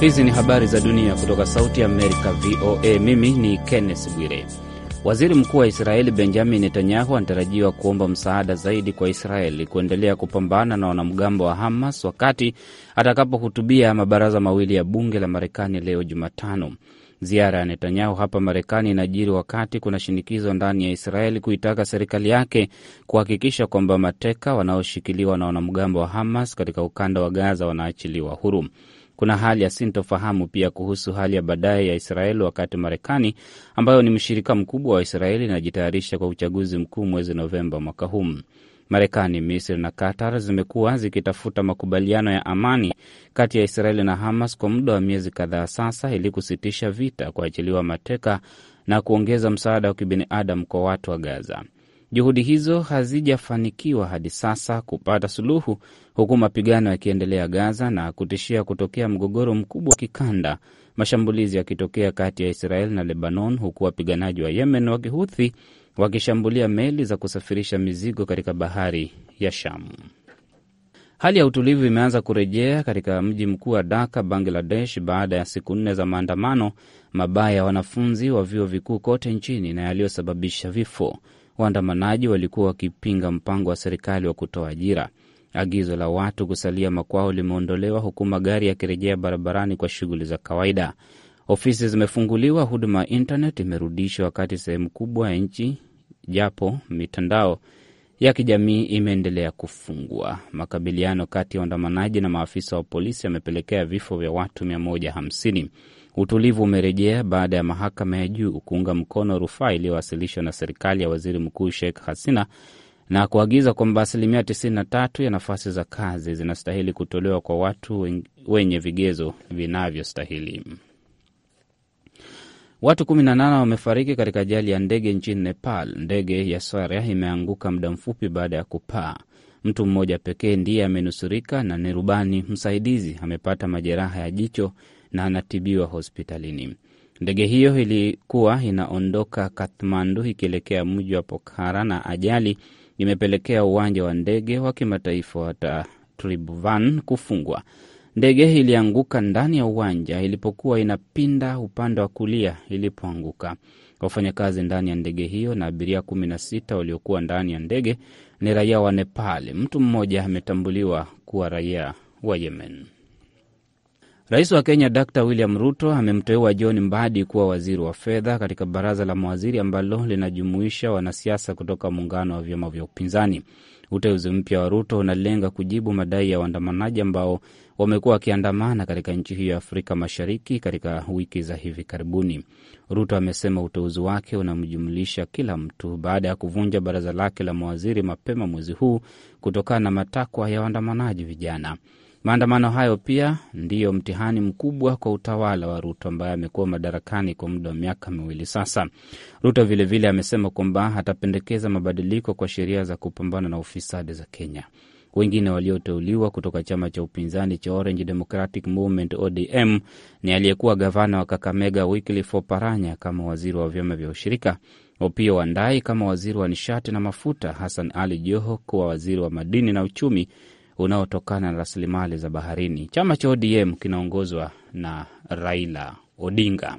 Hizi ni habari za dunia kutoka Sauti Amerika, VOA. Mimi ni Kenneth Bwire. Waziri Mkuu wa Israeli Benjamin Netanyahu anatarajiwa kuomba msaada zaidi kwa Israeli kuendelea kupambana na wanamgambo wa Hamas wakati atakapohutubia mabaraza mawili ya bunge la Marekani leo Jumatano. Ziara ya Netanyahu hapa Marekani inajiri wakati kuna shinikizo ndani ya Israeli kuitaka serikali yake kuhakikisha kwamba mateka wanaoshikiliwa na wanamgambo wa Hamas katika ukanda wa Gaza wanaachiliwa huru. Kuna hali ya sintofahamu pia kuhusu hali ya baadaye ya Israeli, wakati Marekani ambayo ni mshirika mkubwa wa Israeli inajitayarisha kwa uchaguzi mkuu mwezi Novemba mwaka huu. Marekani, Misri na Qatar zimekuwa zikitafuta makubaliano ya amani kati ya Israeli na Hamas kwa muda wa miezi kadhaa sasa, ili kusitisha vita, kuachiliwa mateka na kuongeza msaada wa kibinadamu kwa watu wa Gaza. Juhudi hizo hazijafanikiwa hadi sasa kupata suluhu, huku mapigano yakiendelea Gaza na kutishia kutokea mgogoro mkubwa wa kikanda, mashambulizi yakitokea kati ya Israel na Lebanon, huku wapiganaji wa Yemen wa Kihuthi wakishambulia meli za kusafirisha mizigo katika bahari ya Shamu. Hali ya utulivu imeanza kurejea katika mji mkuu wa Dhaka, Bangladesh, baada ya siku nne za maandamano mabaya ya wanafunzi wa vyuo vikuu kote nchini na yaliyosababisha vifo. Waandamanaji walikuwa wakipinga mpango wa serikali wa kutoa ajira. Agizo la watu kusalia makwao limeondolewa huku magari yakirejea barabarani kwa shughuli za kawaida. Ofisi zimefunguliwa, huduma ya intanet imerudishwa, wakati sehemu kubwa ya nchi, japo mitandao ya kijamii imeendelea kufungwa. Makabiliano kati ya waandamanaji na maafisa wa polisi yamepelekea vifo vya watu 150. Utulivu umerejea baada ya mahakama ya juu kuunga mkono rufaa iliyowasilishwa na serikali ya waziri mkuu Sheikh Hasina na kuagiza kwamba asilimia 93 ya nafasi za kazi zinastahili kutolewa kwa watu wenye vigezo vinavyostahili. Watu 18 wamefariki katika ajali ya ndege nchini Nepal. Ndege ya Swaria imeanguka muda mfupi baada ya kupaa. Mtu mmoja pekee ndiye amenusurika na ni rubani msaidizi, amepata majeraha ya jicho na anatibiwa hospitalini. Ndege hiyo ilikuwa inaondoka Kathmandu ikielekea mji wa Pokhara na ajali imepelekea uwanja wa ndege wa kimataifa wa Tribhuvan kufungwa. Ndege ilianguka ndani ya uwanja ilipokuwa inapinda upande wa kulia ilipoanguka. Wafanyakazi ndani ya ndege hiyo na abiria kumi na sita waliokuwa ndani ya ndege ni raia wa Nepal. Mtu mmoja ametambuliwa kuwa raia wa Yemen. Rais wa Kenya Dr William Ruto amemteua John Mbadi kuwa waziri wa fedha katika baraza la mawaziri ambalo linajumuisha wanasiasa kutoka muungano wa vyama vya upinzani. Uteuzi mpya wa Ruto unalenga kujibu madai ya waandamanaji ambao wamekuwa wakiandamana katika nchi hiyo ya Afrika Mashariki katika wiki za hivi karibuni. Ruto amesema uteuzi wake unamjumlisha kila mtu baada ya kuvunja baraza lake la mawaziri mapema mwezi huu kutokana na matakwa ya waandamanaji vijana. Maandamano hayo pia ndiyo mtihani mkubwa kwa utawala wa Ruto ambaye amekuwa madarakani kwa muda wa miaka miwili sasa. Ruto vilevile amesema kwamba atapendekeza mabadiliko kwa sheria za kupambana na ufisadi za Kenya. Wengine walioteuliwa kutoka chama cha upinzani cha Orange Democratic Movement ODM ni aliyekuwa gavana wa Kakamega Wycliffe Oparanya kama waziri wa vyama vya ushirika, Opiyo Wandayi kama waziri wa nishati na mafuta, Hassan Ali Joho kuwa waziri wa madini na uchumi, unaotokana na rasilimali za baharini. Chama cha ODM kinaongozwa na Raila Odinga.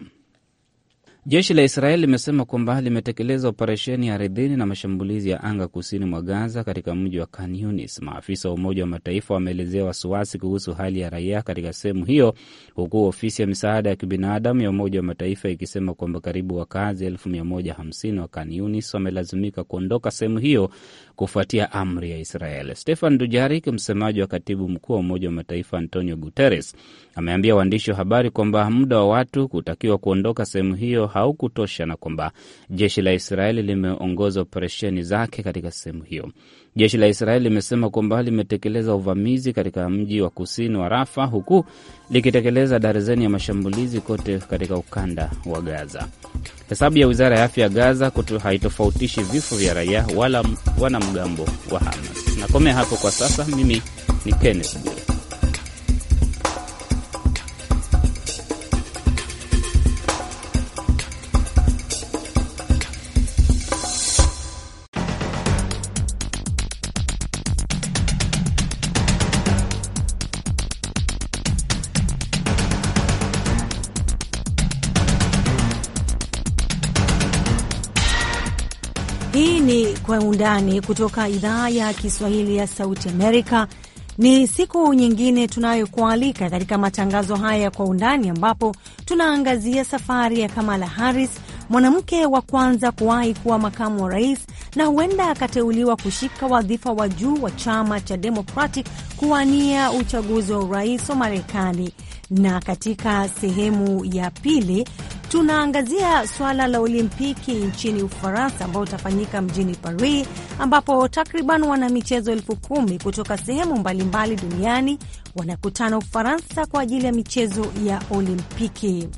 Jeshi la Israeli limesema kwamba limetekeleza operesheni ya ardhini na mashambulizi ya anga kusini mwa Gaza, katika mji wa Khan Yunis. Maafisa wa Umoja wa Mataifa wameelezea wasiwasi kuhusu hali ya raia katika sehemu hiyo, huku ofisi ya misaada ya kibinadamu ya Umoja wa Mataifa ikisema kwamba karibu wakazi 150 wa Khan Yunis wamelazimika kuondoka sehemu hiyo kufuatia amri ya Israel. Stefan Dujarik, msemaji wa katibu mkuu wa Umoja wa Mataifa Antonio Guterres, ameambia waandishi wa habari kwamba muda wa watu kutakiwa kuondoka sehemu hiyo haukutosha na kwamba jeshi la Israeli limeongoza operesheni zake katika sehemu hiyo. Jeshi la Israeli limesema kwamba limetekeleza uvamizi katika mji wa kusini wa Rafa, huku likitekeleza darzeni ya mashambulizi kote katika ukanda wa Gaza. Hesabu ya wizara ya afya ya Gaza haitofautishi vifo vya raia wala wanamgambo wa Hamas. Nakomea hapo kwa sasa. Mimi ni Kenneth Bwire. Kwa Undani kutoka idhaa ya Kiswahili ya Sauti Amerika. Ni siku nyingine tunayokualika katika matangazo haya ya Kwa Undani, ambapo tunaangazia safari ya Kamala Harris, mwanamke wa kwanza kuwahi kuwa makamu wa rais na huenda akateuliwa kushika wadhifa wa juu wa chama cha Democratic kuwania uchaguzi wa urais wa Marekani. Na katika sehemu ya pili Tunaangazia suala la Olimpiki nchini Ufaransa ambao utafanyika mjini Paris, ambapo takriban wanamichezo elfu kumi kutoka sehemu mbalimbali duniani wanakutana Ufaransa kwa ajili ya michezo ya Olimpiki.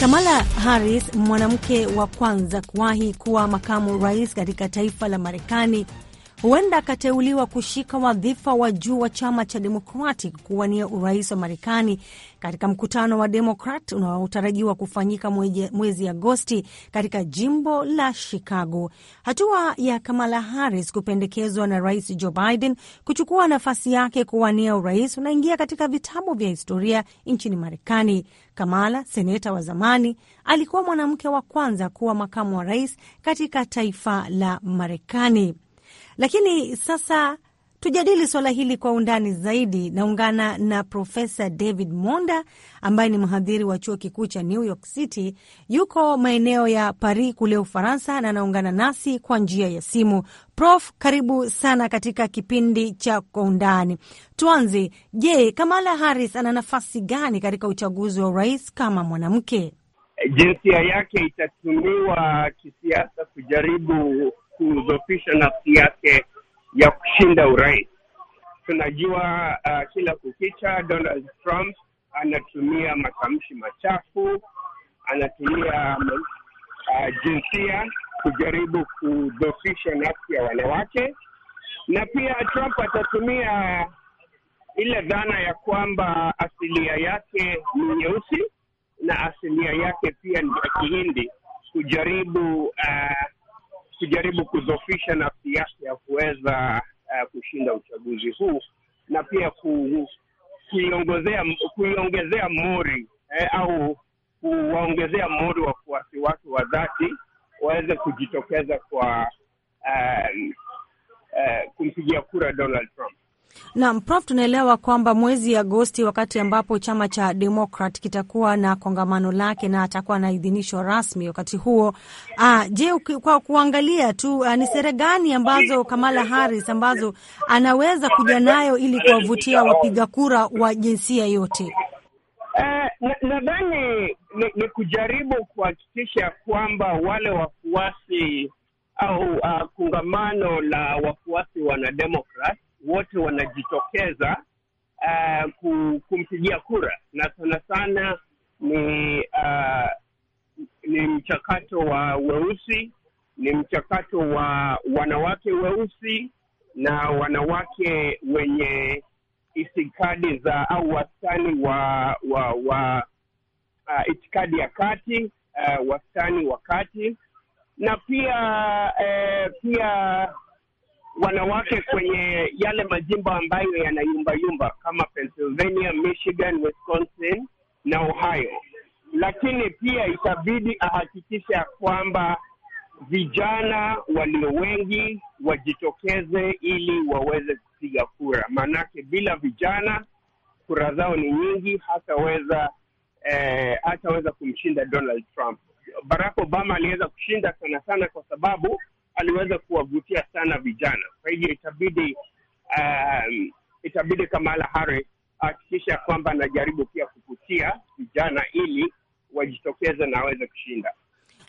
Kamala Harris, mwanamke wa kwanza kuwahi kuwa makamu rais katika taifa la Marekani huenda akateuliwa kushika wadhifa wa juu wa chama cha Democratic kuwania urais wa Marekani katika mkutano wa Demokrat unaotarajiwa kufanyika mwezi Agosti katika jimbo la Chicago. Hatua ya Kamala Harris kupendekezwa na Rais Joe Biden kuchukua nafasi yake kuwania urais unaingia katika vitabu vya historia nchini Marekani. Kamala, seneta wa zamani, alikuwa mwanamke wa kwanza kuwa makamu wa rais katika taifa la Marekani. Lakini sasa tujadili swala hili kwa undani zaidi. Naungana na Profesa David Monda ambaye ni mhadhiri wa chuo kikuu cha New York City, yuko maeneo ya Paris kule Ufaransa, na anaungana nasi kwa njia ya simu. Prof, karibu sana katika kipindi cha Kwa Undani. Tuanze. Je, Kamala Harris ana nafasi gani katika uchaguzi wa urais kama mwanamke? Jinsia yake itatumiwa kisiasa kujaribu kudhofisha nafsi yake ya kushinda urais. Tunajua uh, kila kukicha Donald Trump anatumia matamshi machafu, anatumia uh, jinsia kujaribu kudhofisha nafsi ya wanawake, na pia Trump atatumia ile dhana ya kwamba asilia yake ni nyeusi na asilia yake pia ni ya Kihindi kujaribu uh, kujaribu kudhofisha nafsi yake ya kuweza uh, kushinda uchaguzi huu na pia ku, kuiongezea kuiongezea mori eh, au kuwaongezea mori wafuasi wake wa dhati waweze kujitokeza kwa uh, uh, kumpigia kura Donald Trump. Naam, Prof, tunaelewa kwamba mwezi Agosti wakati ambapo chama cha Demokrat kitakuwa na kongamano lake na atakuwa na idhinisho rasmi wakati huo. Ah, je, kwa kuangalia tu ah, ni sera gani ambazo Kamala Harris ambazo anaweza kuja nayo ili kuwavutia wapiga kura wa jinsia yote? Uh, nadhani na ni kujaribu kuhakikisha kwamba wale wafuasi au uh, kongamano la wafuasi wanademokrat wote wanajitokeza uh, kumpigia kura, na sana sana ni uh, ni mchakato wa weusi, ni mchakato wa wanawake weusi na wanawake wenye itikadi za au wastani wa wa, wa uh, itikadi ya kati uh, wastani wa kati na pia eh, pia wanawake kwenye yale majimbo ambayo yanayumbayumba kama Pennsylvania, Michigan, Wisconsin na Ohio, lakini pia itabidi ahakikisha ya kwamba vijana walio wengi wajitokeze ili waweze kupiga kura, maanake bila vijana kura zao ni nyingi, hataweza eh, hataweza kumshinda Donald Trump. Barack Obama aliweza kushinda sana sana kwa sababu aliweza kuwavutia sana vijana. Kwa hivyo itabidi um, itabidi Kamala Harris ahakikisha kwamba anajaribu pia kuvutia vijana ili wajitokeze na aweze kushinda.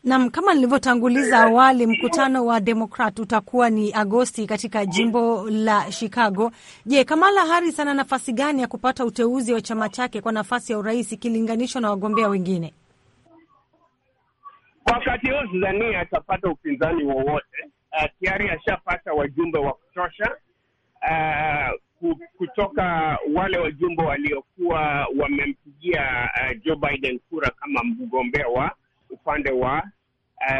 Naam, kama nilivyotanguliza awali, mkutano wa Demokrat utakuwa ni Agosti katika jimbo la Chicago. Je, Kamala Harris ana nafasi gani ya kupata uteuzi wa chama chake kwa nafasi ya urais ikilinganishwa na wagombea wengine? Wakati huu sidhani atapata upinzani wowote. Uh, tayari ashapata wajumbe wa kutosha uh, kutoka wale wajumbe waliokuwa wamempigia uh, Joe Biden kura kama mgombea wa upande wa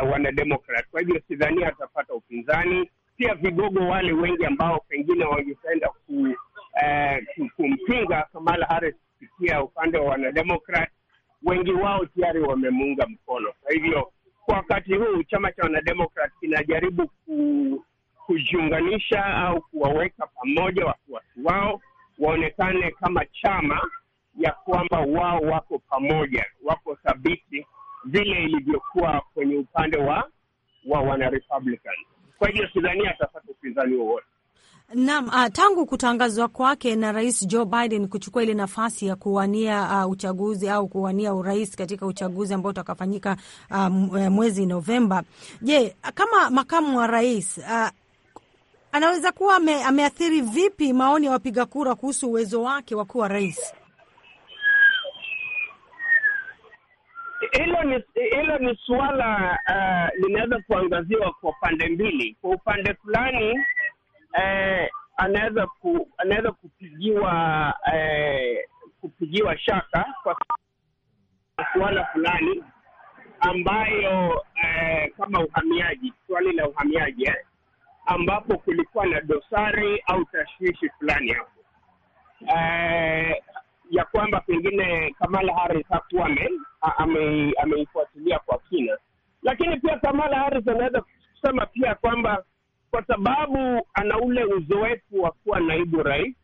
uh, wanademokrat. Kwa hivyo sidhani atapata upinzani. Pia vigogo wale wengi ambao pengine wangependa ku, uh, kumpinga Kamala Harris kupitia upande wa wanademokrat wengi wao tayari wamemuunga mkono. Kwa hivyo kwa wakati huu chama cha wanademokrat kinajaribu ku, kujiunganisha au kuwaweka pamoja wafuasi wao waonekane kama chama ya kwamba wao wako pamoja, wako thabiti vile ilivyokuwa kwenye upande wa wa wana Kwa hivyo sidhani atapata upinzani wowote. Naam, uh, tangu kutangazwa kwake na Rais Joe Biden kuchukua ile nafasi ya kuwania uh, uchaguzi au kuwania urais katika uchaguzi ambao utakafanyika uh, mwezi Novemba. Je, kama makamu wa rais uh, anaweza kuwa ame, ameathiri vipi maoni ya wapiga kura kuhusu uwezo wake wa kuwa rais? Hilo ni hilo ni suala uh, linaweza kuangaziwa kwa pande mbili. Kwa upande fulani eh, anaweza ku, anaweza kupigiwa eh, kupigiwa shaka kwa suala fulani ambayo eh, kama uhamiaji, swali la uhamiaji eh, ambapo kulikuwa na dosari au tashwishi fulani hapo eh, ya kwamba pengine Kamala Harris hakuwa ameifuatilia ame kwa kina, lakini pia Kamala Harris anaweza kusema pia kwamba kwa sababu ana ule uzoefu wa kuwa naibu rais,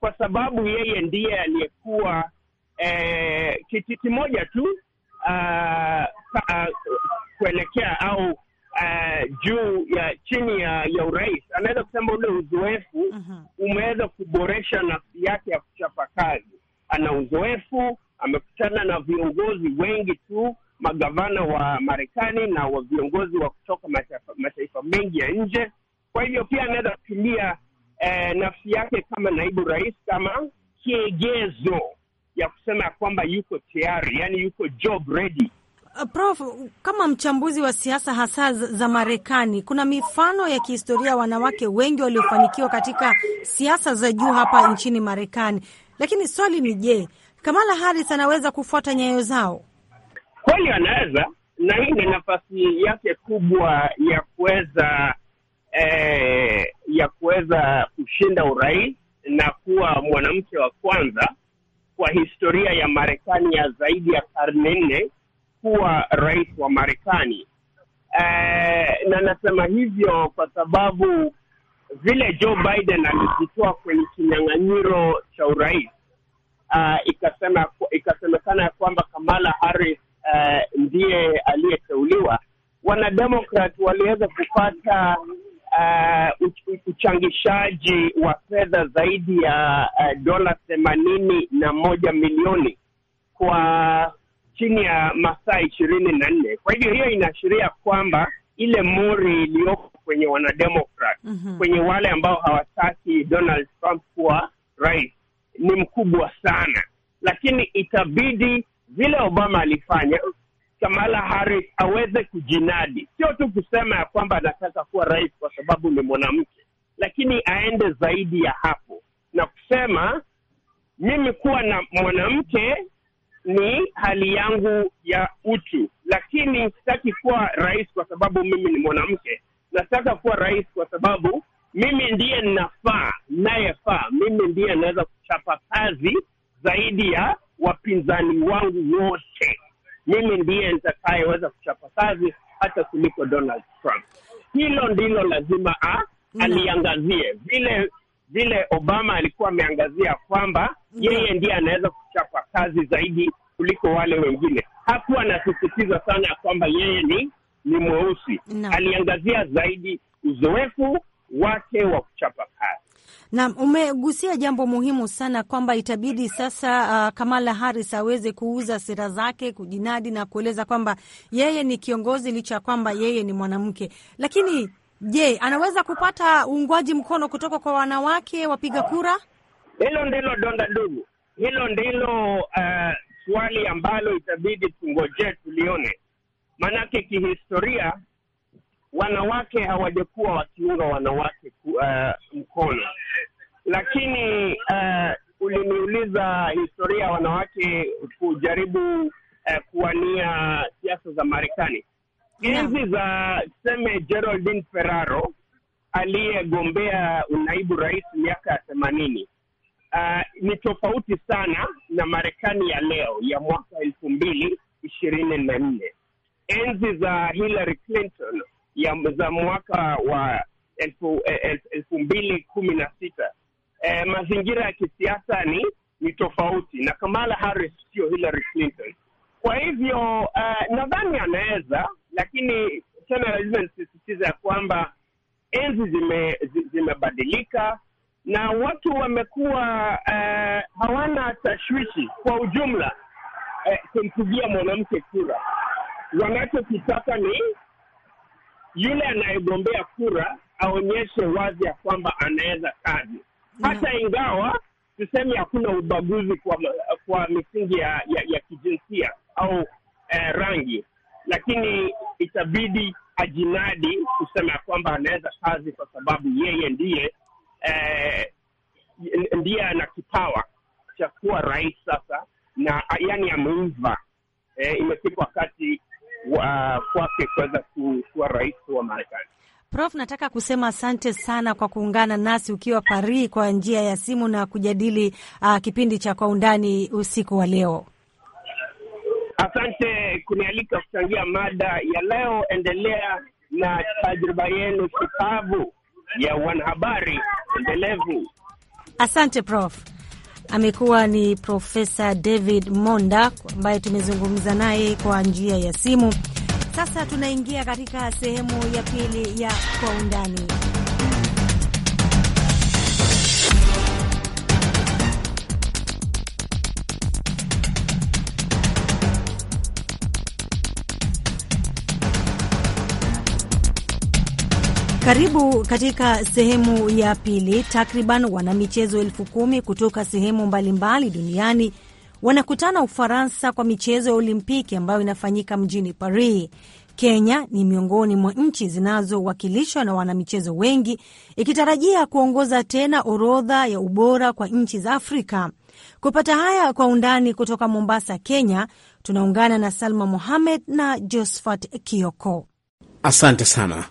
kwa sababu yeye ndiye aliyekuwa eh, kiti kimoja tu uh, uh, kuelekea au uh, juu ya chini ya, ya urais. Anaweza kusema ule uzoefu mhm. umeweza kuboresha nafsi yake ya kuchapa kazi. Ana uzoefu, amekutana na viongozi wengi tu magavana wa Marekani na wa viongozi wa kutoka mataifa mengi ya nje. Kwa hivyo pia anaweza kutumia eh, nafsi yake kama naibu rais kama kiegezo ya kusema ya kwamba yuko tayari, yani yuko job ready. Uh, Prof, kama mchambuzi wa siasa hasa za Marekani, kuna mifano ya kihistoria wanawake wengi waliofanikiwa katika siasa za juu hapa nchini Marekani, lakini swali ni je, Kamala Harris anaweza kufuata nyayo zao? Kweli anaweza, na hii ni nafasi yake kubwa ya kuweza eh, ya kuweza kushinda urais na kuwa mwanamke wa kwanza kwa historia ya Marekani ya zaidi ya karne nne kuwa rais wa Marekani. Eh, na nasema hivyo kwa sababu vile Joe Biden alijitoa kwenye kinyang'anyiro cha urais uh, ikasema ikasemekana ya kwamba Kamala Harris uh, ndiye aliyeteuliwa. Wanademokrat waliweza kupata uh, uchangishaji wa fedha zaidi ya uh, dola themanini na moja milioni kwa chini ya masaa ishirini na nne. Kwa hivyo hiyo inaashiria kwamba ile mori iliyoko kwenye wanademokrat mm -hmm. kwenye wale ambao hawataki Donald Trump kuwa rais ni mkubwa sana, lakini itabidi vile Obama alifanya Kamala Harris aweze kujinadi, sio tu kusema ya kwamba anataka kuwa rais kwa sababu ni mwanamke, lakini aende zaidi ya hapo na kusema mimi kuwa na mwanamke ni hali yangu ya utu, lakini sitaki kuwa rais kwa sababu mimi ni mwanamke. Nataka kuwa rais kwa sababu mimi ndiye nafaa nayefaa, mimi ndiye anaweza kuchapa kazi zaidi ya wapinzani wangu wote mimi ndiye nitakayeweza kuchapa kazi hata kuliko Donald Trump. Hilo ndilo lazima a, mm. aliangazie vile vile Obama alikuwa ameangazia kwamba mm. yeye ndiye anaweza kuchapa kazi zaidi kuliko wale wengine. Hakuwa anasisitiza sana ya kwamba yeye ni ni mweusi no. Aliangazia zaidi uzoefu wake wa kuchapa kazi. Naam, umegusia jambo muhimu sana kwamba itabidi sasa uh, Kamala Harris aweze kuuza sera zake, kujinadi na kueleza kwamba yeye ni kiongozi licha ya kwamba yeye ni mwanamke. Lakini je, anaweza kupata uungwaji mkono kutoka kwa wanawake wapiga kura? Hilo ndilo donda dugu, hilo ndilo uh, swali ambalo itabidi tungojee tulione, maanake kihistoria wanawake hawajakuwa wakiunga wanawake uh, mkono, lakini uh, uliniuliza historia ya wanawake kujaribu uh, kuwania siasa za Marekani enzi za tuseme Geraldine Ferraro aliyegombea unaibu rais miaka ya themanini. Uh, ni tofauti sana na Marekani ya leo ya mwaka elfu mbili ishirini na nne. Enzi za Hillary Clinton ya za mwaka wa elfu, elfu, e, elfu mbili kumi na sita. E, mazingira ya kisiasa ni ni tofauti na Kamala Harris sio Hillary Clinton. Kwa hivyo uh, nadhani anaweza, lakini tena lazima nisisitiza ya kwamba enzi zime, zimebadilika na watu wamekuwa uh, hawana tashwishi kwa ujumla uh, kumpigia mwanamke kura. Wanachokitaka ni yule anayegombea kura aonyeshe wazi ya kwamba anaweza kazi, hata ingawa tuseme hakuna ubaguzi kwa kwa misingi ya, ya, ya kijinsia au eh, rangi, lakini itabidi ajinadi kusema ya kwamba anaweza kazi kwa sababu yeye ndiye eh, ndiye ana kipawa cha kuwa rais sasa, na yani ameiva. Eh, imefika wakati kwake kuweza kuwa rais wa Marekani. Prof, nataka kusema asante sana kwa kuungana nasi ukiwa Paris kwa njia ya simu na kujadili uh, kipindi cha Kwa Undani usiku wa leo. Asante kunialika kuchangia mada ya leo. Endelea na tajriba yenu shupavu ya wanahabari endelevu. Asante Prof amekuwa ni Profesa David Monda ambaye tumezungumza naye kwa njia ya simu. Sasa tunaingia katika sehemu ya pili ya Kwa Undani. Karibu katika sehemu ya pili. Takriban wanamichezo elfu kumi kutoka sehemu mbalimbali duniani wanakutana Ufaransa kwa michezo ya Olimpiki ambayo inafanyika mjini Paris. Kenya ni miongoni mwa nchi zinazowakilishwa na wanamichezo wengi, ikitarajia kuongoza tena orodha ya ubora kwa nchi za Afrika. Kupata haya kwa undani kutoka Mombasa, Kenya, tunaungana na Salma Mohamed na Josphat Kioko. Asante sana.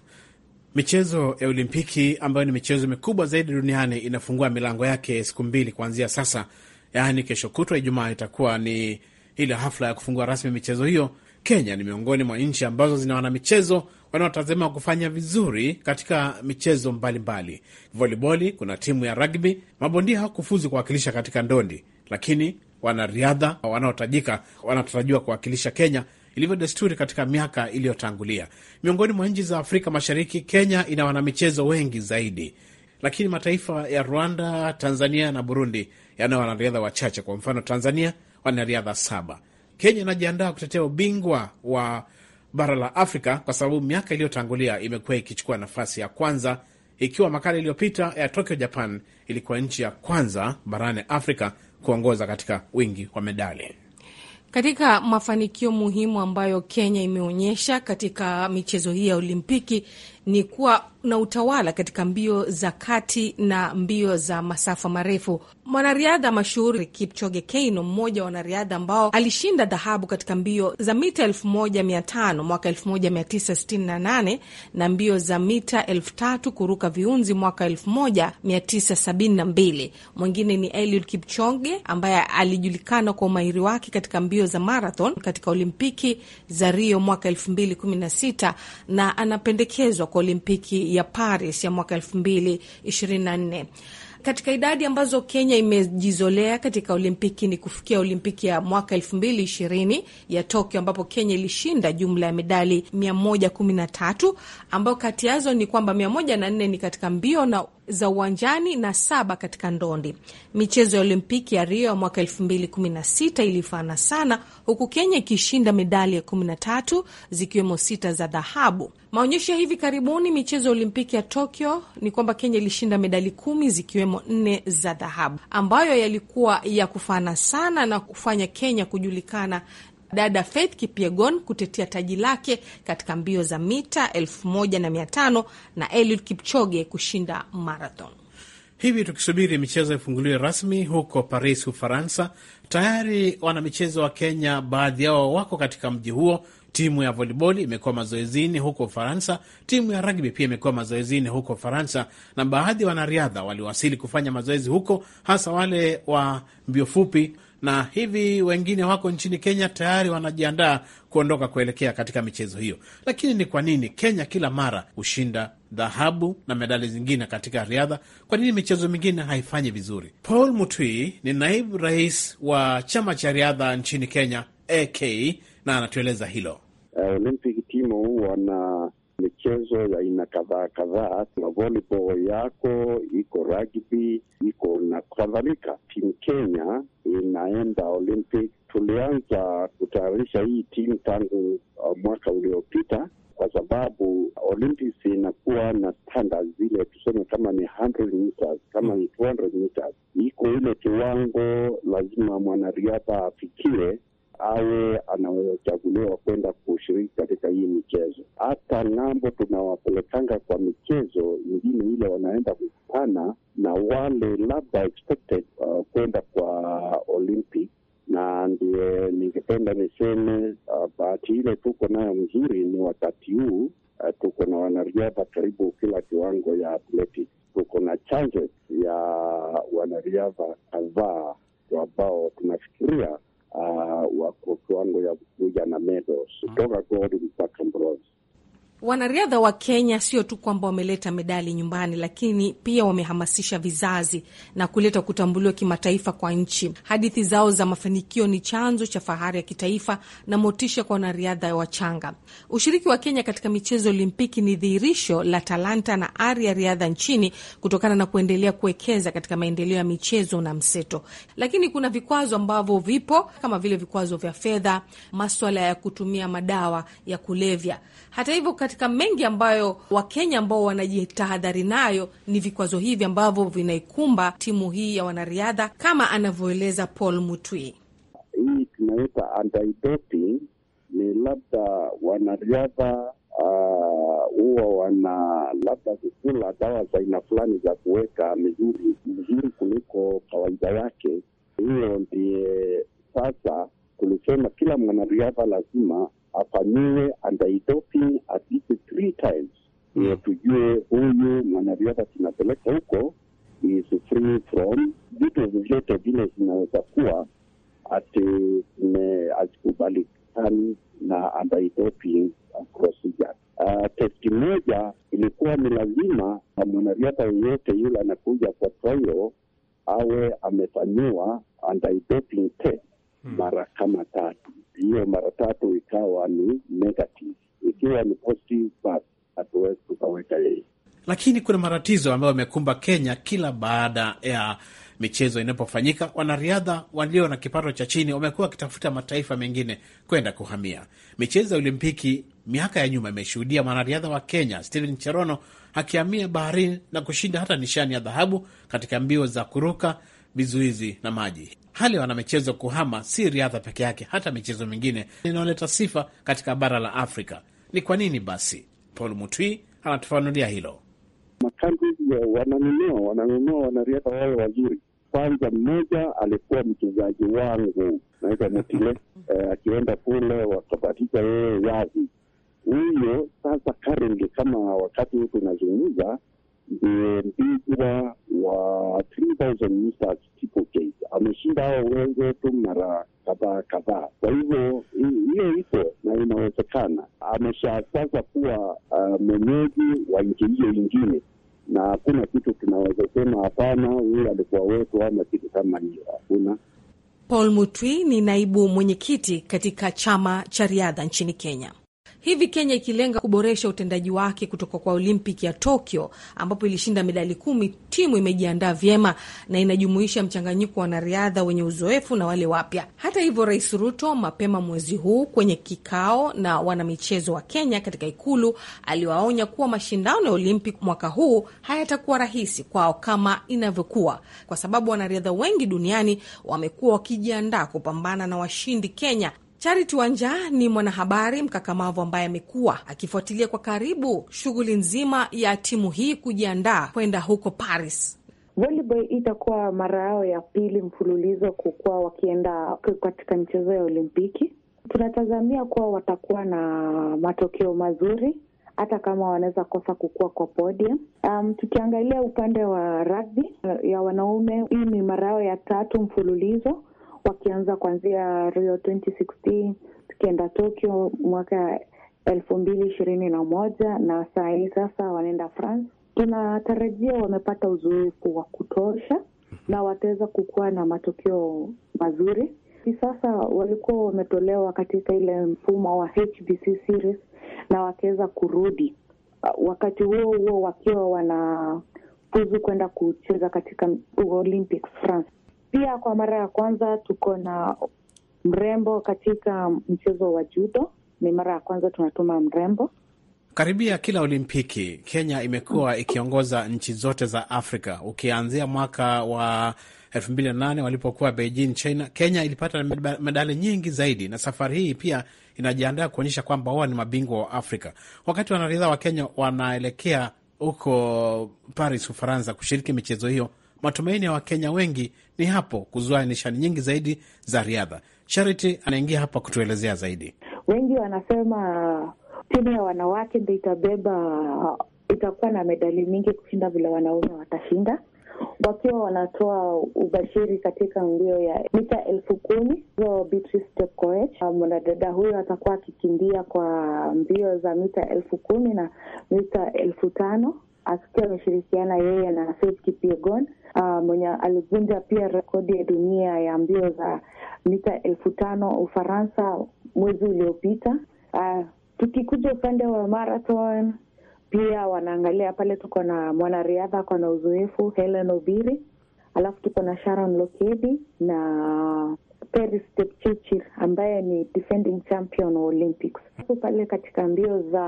Michezo ya Olimpiki ambayo ni michezo mikubwa zaidi duniani inafungua milango yake siku mbili kuanzia sasa, yaani kesho kutwa Ijumaa itakuwa ni ile hafla ya kufungua rasmi michezo hiyo. Kenya ni miongoni mwa nchi ambazo zina wanamichezo wanaotazamiwa kufanya vizuri katika michezo mbalimbali. Voliboli, kuna timu ya rugby. Mabondia hawakufuzu kuwakilisha katika ndondi, lakini wanariadha wanaotajika wanatarajiwa kuwakilisha Kenya ilivyo desturi katika miaka iliyotangulia. Miongoni mwa nchi za Afrika Mashariki, Kenya ina wanamichezo wengi zaidi, lakini mataifa ya Rwanda, Tanzania na Burundi yana wanariadha wachache. Kwa mfano, Tanzania wanariadha saba. Kenya inajiandaa kutetea ubingwa wa bara la Afrika kwa sababu miaka iliyotangulia imekuwa ikichukua nafasi ya kwanza, ikiwa makala iliyopita ya Tokyo, Japan ilikuwa nchi ya kwanza barani Afrika kuongoza katika wingi wa medali. Katika mafanikio muhimu ambayo Kenya imeonyesha katika michezo hii ya Olimpiki ni kuwa na utawala katika mbio za kati na mbio za masafa marefu. Mwanariadha mashuhuri Kipchoge Keino, mmoja wa wanariadha ambao alishinda dhahabu katika mbio za mita elfu moja mia tano mwaka elfu moja mia tisa sitini na nane na mbio za mita elfu tatu kuruka viunzi mwaka elfu moja mia tisa sabini na mbili. Mwingine ni Eliud Kipchoge ambaye alijulikana kwa umahiri wake katika mbio za marathon katika Olimpiki za Rio mwaka elfu mbili kumi na sita na anapendekezwa kwa Olimpiki ya Paris ya mwaka 2024. Katika idadi ambazo Kenya imejizolea katika Olimpiki ni kufikia Olimpiki ya mwaka elfu mbili ishirini ya Tokyo, ambapo Kenya ilishinda jumla ya medali mia moja kumi na tatu ambayo kati yazo ni kwamba mia moja na nne ni katika mbio na za uwanjani na saba katika ndondi. Michezo ya Olimpiki ya Rio ya mwaka 2016 ilifana sana, huku Kenya ikishinda medali ya 13 zikiwemo sita za dhahabu. Maonyesho ya hivi karibuni michezo ya Olimpiki ya Tokyo ni kwamba Kenya ilishinda medali kumi zikiwemo nne za dhahabu, ambayo yalikuwa ya kufana sana na kufanya Kenya kujulikana dada Faith Kipyegon kutetea taji lake katika mbio za mita 15 na mia Eliud Kipchoge kushinda marathon. Hivi tukisubiri michezo ifunguliwe rasmi huko Paris, Ufaransa, tayari wanamichezo wa Kenya baadhi yao wako katika mji huo. Timu ya volleyball imekuwa mazoezini huko Ufaransa, timu ya ragbi pia imekuwa mazoezini huko Ufaransa, na baadhi ya wanariadha waliwasili kufanya mazoezi huko, hasa wale wa mbio fupi na hivi wengine wako nchini Kenya tayari wanajiandaa kuondoka kuelekea katika michezo hiyo. Lakini ni kwa nini Kenya kila mara hushinda dhahabu na medali zingine katika riadha? Kwa nini michezo mingine haifanyi vizuri? Paul Mutwi ni naibu rais wa chama cha riadha nchini Kenya AK, na anatueleza hilo. Eh, Olympic timu wana michezo ya aina kadhaa kadhaa, kuna volleyball yako iko rugby iko na kadhalika. Timu Kenya inaenda Olympic. Tulianza kutayarisha hii timu tangu uh, mwaka uliopita kwa sababu Olympics inakuwa na standard zile, tuseme kama ni 100 meters, kama ni 200 meters, iko ile kiwango lazima mwanariadha afikie awe anachaguliwa kwenda kushiriki katika hii michezo. Hata ng'ambo tunawapelekanga kwa michezo ingine ile wanaenda kukutana na wale labda expected uh, kwenda kwa Olympic na ndiye ningependa niseme uh, bahati ile tuko nayo mzuri ni wakati huu uh, tuko na wanariadha karibu kila kiwango ya athletics. Tuko na chances ya wanariadha kadhaa ambao tunafikiria uh, wako kiwango ya kuja na medals mm-hmm. kutoka gold mpaka bronze. Wanariadha wa Kenya sio tu kwamba wameleta medali nyumbani, lakini pia wamehamasisha vizazi na kuleta kutambuliwa kimataifa kwa nchi. Hadithi zao za mafanikio ni chanzo cha fahari ya kitaifa na motisha kwa wanariadha wachanga. Ushiriki wa Kenya katika michezo Olimpiki ni dhihirisho la talanta na ari ya riadha nchini kutokana na kuendelea kuwekeza katika maendeleo ya michezo na mseto. Lakini kuna vikwazo ambavyo vipo kama vile vikwazo vya fedha, maswala ya kutumia madawa ya kulevya. Hata hivyo katika mengi ambayo Wakenya ambao wanajitahadhari nayo ni vikwazo hivi ambavyo vinaikumba timu hii ya wanariadha, kama anavyoeleza Paul Mutwi. Hii tunaita anti-doping ni labda wanariadha ah, huwa uh, wana labda kukula dawa za aina fulani za kuweka mizuri mzuri kuliko kawaida yake. Hiyo ndiye sasa tulisema kila mwanariadha lazima afanyiwe anti-doping at three times mm. tujue huyu mwanariadha tunapeleka huko is free from vitu vyote vile zinaweza kuwa ati azikubalikani na antidoping procedure. Uh, ah, testi moja ilikuwa ni lazima mwanariadha yeyote yule anakuja kwa trial awe amefanyiwa antidoping test hmm. mara kama tatu. Hiyo mara tatu ikawa ni negative ikiwa ni positive basi hatuwezi tukaweka yeye. Lakini kuna matatizo ambayo yamekumba Kenya kila baada ya michezo inapofanyika, wanariadha walio na kipato cha chini wamekuwa wakitafuta mataifa mengine kwenda kuhamia. Michezo ya Olimpiki miaka ya nyuma imeshuhudia mwanariadha wa Kenya Stephen Cherono akihamia baharini na kushinda hata nishani ya dhahabu katika mbio za kuruka vizuizi na maji. Hali ya wanamichezo kuhama si riadha peke yake, hata michezo mingine inaoleta sifa katika bara la Afrika. Ni kwa nini basi? Paul Mutwi anatufanulia hilo. Makambi wananunua wananunua wanariadha wawe wazuri. Kwanza mmoja alikuwa mchezaji wangu naitwa Mutile eh, akienda kule wakabatisha yeye wazi huyo. Sasa currently kama wakati huu tunazungumza the mpira wa 3000 meters tipo gate mara kadhaa kadhaa. Kwa hivyo hiyo iko na inawezekana, amesha sasa kuwa uh, mwenyeji wa nchi hiyo ingine, na hakuna kitu tunaweza sema hapana, huyu alikuwa wetu ama kitu kama hiyo, hakuna. Paul Mutwi ni naibu mwenyekiti katika chama cha riadha nchini Kenya hivi Kenya ikilenga kuboresha utendaji wake kutoka kwa Olimpiki ya Tokyo ambapo ilishinda medali kumi, timu imejiandaa vyema na inajumuisha mchanganyiko wa wanariadha wenye uzoefu na wale wapya. Hata hivyo, Rais Ruto mapema mwezi huu kwenye kikao na wanamichezo wa Kenya katika Ikulu aliwaonya kuwa mashindano ya olimpik mwaka huu hayatakuwa rahisi kwao kama inavyokuwa, kwa sababu wanariadha wengi duniani wamekuwa wakijiandaa kupambana na washindi Kenya Charity Wanja ni mwanahabari mkakamavu ambaye amekuwa akifuatilia kwa karibu shughuli nzima ya timu hii kujiandaa kwenda huko Paris. Volleyball itakuwa mara yao ya pili mfululizo kukuwa wakienda katika michezo ya Olimpiki. Tunatazamia kuwa watakuwa na matokeo mazuri hata kama wanaweza kosa kukua kwa podium. Um, tukiangalia upande wa rugby ya wanaume, hii ni mara yao ya tatu mfululizo wakianza kuanzia Rio 2016 tukienda Tokyo mwaka elfu mbili ishirini na moja na saa hii sasa wanaenda France. Tunatarajia wamepata uzoefu wa kutosha na wataweza kukuwa na matokeo mazuri. Hii sasa walikuwa wametolewa katika ile mfumo wa HBC series na wakiweza kurudi wakati huo huo wakiwa wanafuzu kwenda kucheza katika Olympics France. Pia kwa mara ya kwanza tuko na mrembo katika mchezo wa judo. Ni mara ya kwanza tunatuma mrembo. Karibia kila Olimpiki Kenya imekuwa ikiongoza nchi zote za Afrika, ukianzia mwaka wa elfu mbili na nane walipokuwa Beijing, China. Kenya ilipata medali nyingi zaidi, na safari hii pia inajiandaa kuonyesha kwamba wao ni mabingwa wa Afrika. Wakati wanariadha wa Kenya wanaelekea huko Paris, Ufaransa, kushiriki michezo hiyo, matumaini ya Wakenya wengi ni hapo kuzua nishani nyingi zaidi za riadha. Charity anaingia hapa kutuelezea zaidi. Wengi wanasema timu ya wanawake ndo itabeba, itakuwa na medali mingi kushinda vile wanaume watashinda, wakiwa wanatoa ubashiri katika mbio ya mita elfu kumi Beatrice Chepkoech, mwanadada huyo atakuwa akikimbia kwa mbio za mita elfu kumi na mita elfu tano akiwa ameshirikiana yeye na Faith Kipyegon uh, mwenye alivunja pia rekodi ya dunia ya mbio za mita elfu tano Ufaransa mwezi uliopita. Uh, tukikuja upande wa marathon pia wanaangalia pale, tuko na mwanariadha ako na uzoefu Helen Obiri, alafu tuko na Sharon Lokedi na Peris Stepchirchir ambaye ni defending champion wa Olympics. Pale katika mbio za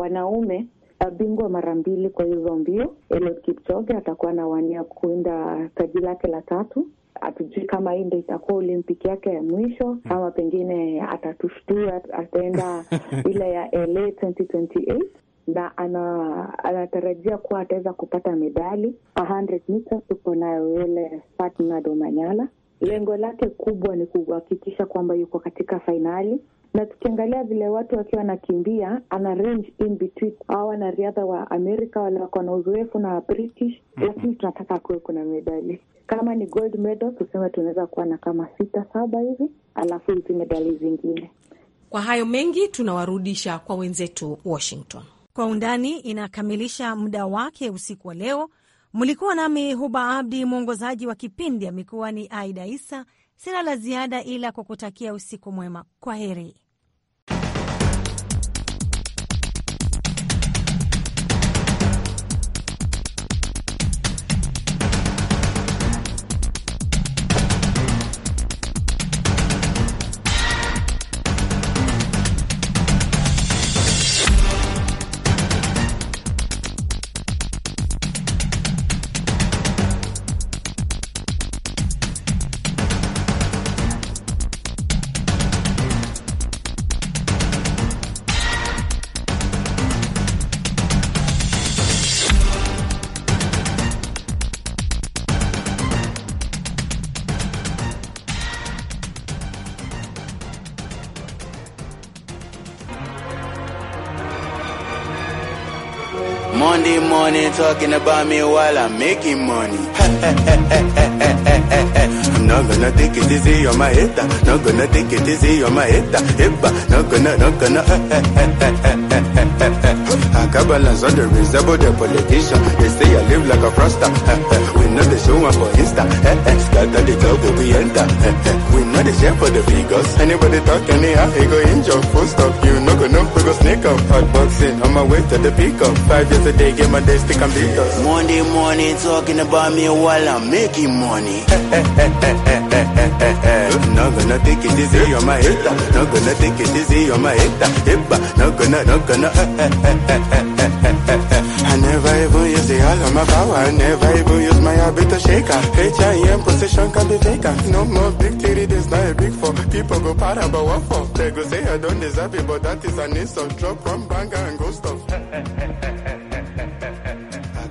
wanaume Eh, bingwa mara mbili kwa hizo mbio. Eliud Kipchoge atakuwa na wania kuinda taji lake la tatu. Hatujui kama hii ndo itakuwa olimpiki yake ya mwisho hmm. ama pengine atatushtua, ataenda ile ya LA 2028 na ana, anatarajia kuwa ataweza kupata medali 100 meters. Tuko nayo yule Fatma Domanyala, lengo lake kubwa ni kuhakikisha kwamba yuko katika fainali na tukiangalia vile watu wakiwa wanakimbia ana range in between hawa wanariadha wa Amerika wale wako na uzoefu na British Lakini tunataka kuwe kuna medali kama ni gold medal, tuseme tunaweza kuwa na kama sita saba hivi, alafu hizi medali zingine. Kwa hayo mengi tunawarudisha kwa wenzetu Washington. Kwa undani inakamilisha muda wake usiku wa leo. Mlikuwa nami Huba Abdi, mwongozaji wa kipindi amekuwa ni Aida Isa. Sina la ziada ila kukutakia usiku mwema. Kwa heri. talking about me while I'm making money. I'm not gonna take it easy on my hater. Not gonna take it easy on my hater. Not gonna, not gonna a Kabbalah's on the resemble the politician. They say I live like a froster. Eh, eh, we know the show one for Insta. Eh, scatter the club that we enter. we know the share for the figures. Anybody talk anyhow, he go injure. Full stop, you no go no, we go sneak up. Hot boxing on my way to the pick up. Five years a day, get my day stick and beat us. Monday morning, talking about me while I'm making money. Not gonna take it easy on my hater. Not gonna take it easy on my hater. Not gonna, not gonna. I never even use the all of my power. I never even use my habit to shake her. H.I.M. position can be vacant. No more big titty, this not a big four. People go para, but what for? They go say I don't deserve it, but that is an insult. Drop from banger and go stuff. I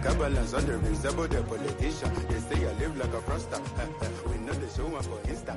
got balance on the visible the politician. They say I live like a froster. we know the show up for Insta.